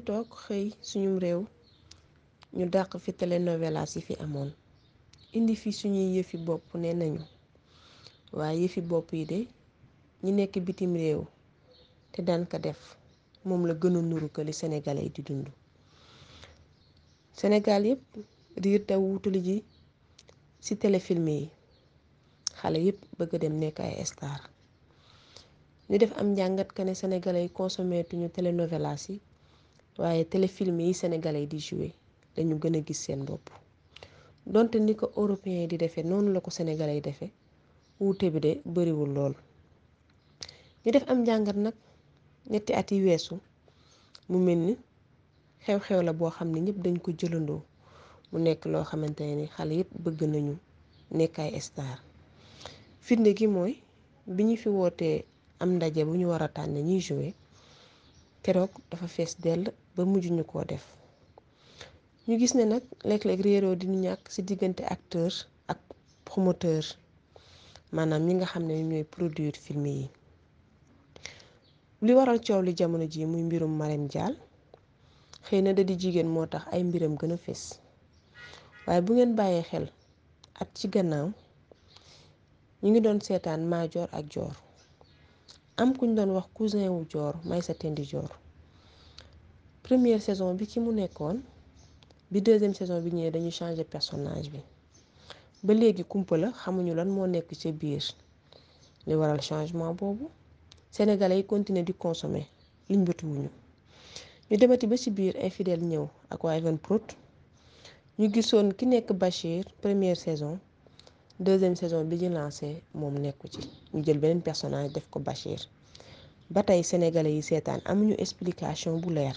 ñuy toog xëy suñum réew ñu dàq fi telenovelas yi fi amoon indi fi suñuy yëfi bopp nee nañu waaye yëfi bopp yi de ñi nekk bitim réew te daan ko def moom la gën a nuru ko li yi di dund sénégal yëpp riir te wutali ji ci téléfilm yi xale yëpp bëgg dem nekk ay star ñu def am njàngat ka ne sénégalais yi consommé tuñu telenovelas yi waaye téléfilm yi sénégalais di joué dañu gën a gis seen bopp donte ni ko européen di defee noonu la ko sénégalais yi defee wuute bi de bariwul loolu ñu def am njàngat nag ñetti at yi weesu mu mel ni xew-xew la boo xam ne ñëpp dañ ko jëlandoo mu nekk loo xamante ne xale yëpp bëgg nañu nekk star firnde gi mooy bi ñu fi wootee am ndaje bu ñu war a tànn ñuy joué keroog dafa fees dell ba mujj ñu koo def ñu gis ne nag léeg-léeg réeroo dina ñàkk ci diggante acteur ak promoteur maanaam ñi nga xam ne ñooy produire film yi li waral coow li jamono ji muy mbirum Marème Dial xëy na da di jigéen moo tax ay mbiram gën a fés waaye bu ngeen bàyyee xel at ci gannaaw ñu ngi doon seetaan Madior ak joor am kuñ doon wax cousin wu Dior Maïssa Tendy Dior première saison bi ki mu nekkoon bi deuxième saison bi ñëwee dañu changé personnage bi ba léegi kumpa la xamuñu lan moo nekk ci biir li waral changement boobu sénégalais yi continuer di consommer liñ bëtuwuñu ñu demati ba ci biir fidèle ñëw ak waa Evenprod ñu gisoon ki nekk Bachir première saison deuxième saison bi ñu lancé moom nekku ci ñu jël beneen personnage def ko Bachir ba tey sénégalais yi seetaan amuñu explication bu leer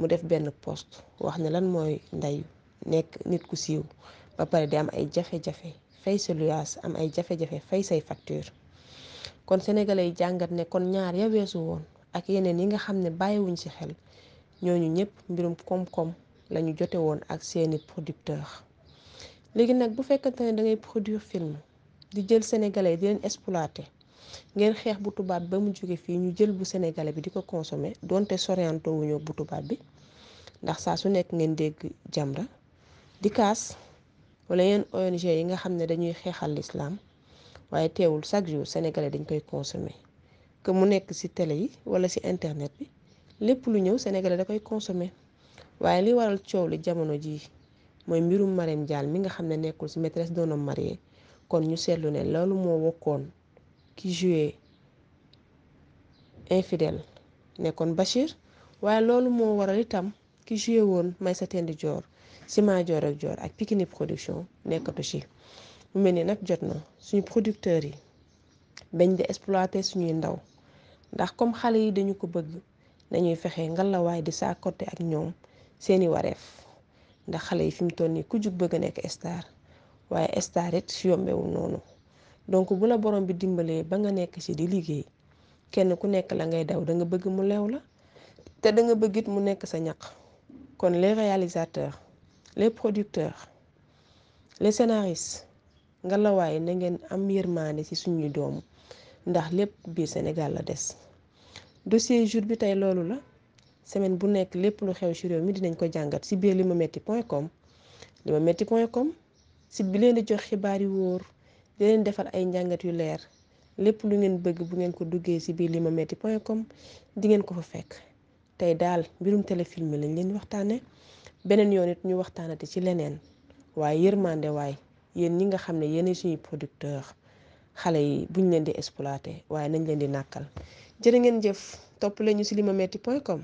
mu def benn post wax ne lan mooy ndey nekk nit ku siiw ba pare di am ay jafe-jafe fay sa luyaas am ay jafe-jafe fay say facture kon sénégalais yi jàngat ne kon ñaar ya weesu woon ak yeneen yi nga xam ne bàyyiwuñ ci xel ñooñu ñëpp mbirum koom-koom lañu jote woon ak seeni producteur léegi nag bu fekkante ne dangay produire film di jël sénégalais di leen exploité ngeen xeex bu tubaab ba mu jóge fii ñu jël bu sénégalais bi di ko consommer donte sorianto wuñu bu tubaab bi ndax saa su nekk ngeen dégg Jamra di kaas wala yenn ONG yi nga xam ne dañuy xeexal lislaam waaye teewul chaque jour sénégalais dañ koy consommer que mu nekk ci tele yi wala ci internet bi lépp lu ñëw sénégalais da koy consommer waaye li waral coow li jamono jii mooy mbirum Marème jaal mi nga xam ne nekkul ci maîtresse d'un homme marié kon ñu seetlu ne loolu moo wokkoon ki joué infidèle nekkoon Bachir waaye loolu moo waral itam ki joué woon Maïssa Tende Dior Sima joor ak Dior ak Pikini production nekkatu ci mu mel ni nag jot na suñu producteurs yi bañ di exploiter suñuy ndaw ndax comme xale yi dañu ko bëgg nañuy fexe ngalawaay di saakote ak ñoom seeni wareef ndax xale yi fi mu toll nii ku jug bëgg a nekk star waaye star it yombewul noonu. donc bu la borom bi dimbalé ba nga nek ci di liggéey kenn ku nek la ngay daw da nga bëgg mu lew la té da nga it mu nek sa ñaq kon les réalisateurs les producteurs les scénaristes nga way na ngeen am yermane ci suñu doom ndax lepp bi Sénégal la dess dossier jour bi tay lolu la semaine bu nek lepp lu xew ci rew mi dinañ ko jangat ci biir limametti.com limametti.com ci bi leen di jox xibaari woor di leen defal ay njàngat yu leer lépp lu ngeen bëgg bu ngeen ko duggee ci biir lima metti point com di ngeen ko fa fekk tey daal mbirum téléfilm lañ leen waxtaane beneen yoon it ñu waxtaanati ci leneen waaye yërmande waay yéen ñi nga xam ne yéen suñu producteur xale yi buñ leen di exploité waaye nañ leen di nàkkal jërë ngeen jëf topp leen ñu lima metti point com